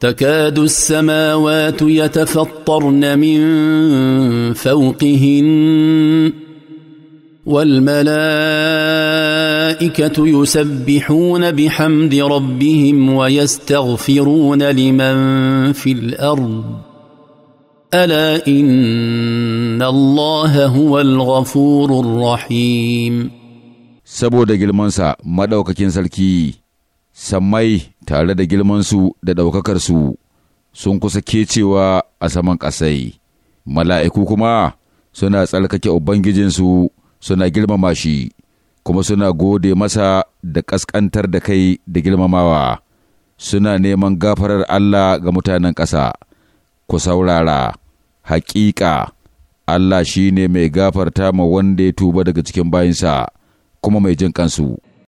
تكاد السماوات يتفطرن من فوقهن والملائكه يسبحون بحمد ربهم ويستغفرون لمن في الارض الا ان الله هو الغفور الرحيم سبو دجل منسى مدوككين سلكي sammai tare da girmansu da ɗaukakarsu sun kusa kecewa a saman ƙasai, mala'iku kuma suna tsarkake Ubangijinsu suna girmama shi, kuma suna gode masa da ƙasƙantar da kai da girmamawa, suna neman gafarar Allah ga mutanen ƙasa, ku saurara, haƙiƙa, Allah shi ne mai gafarta ma wanda ya tuba daga cikin bayinsa, kuma mai jin kansu.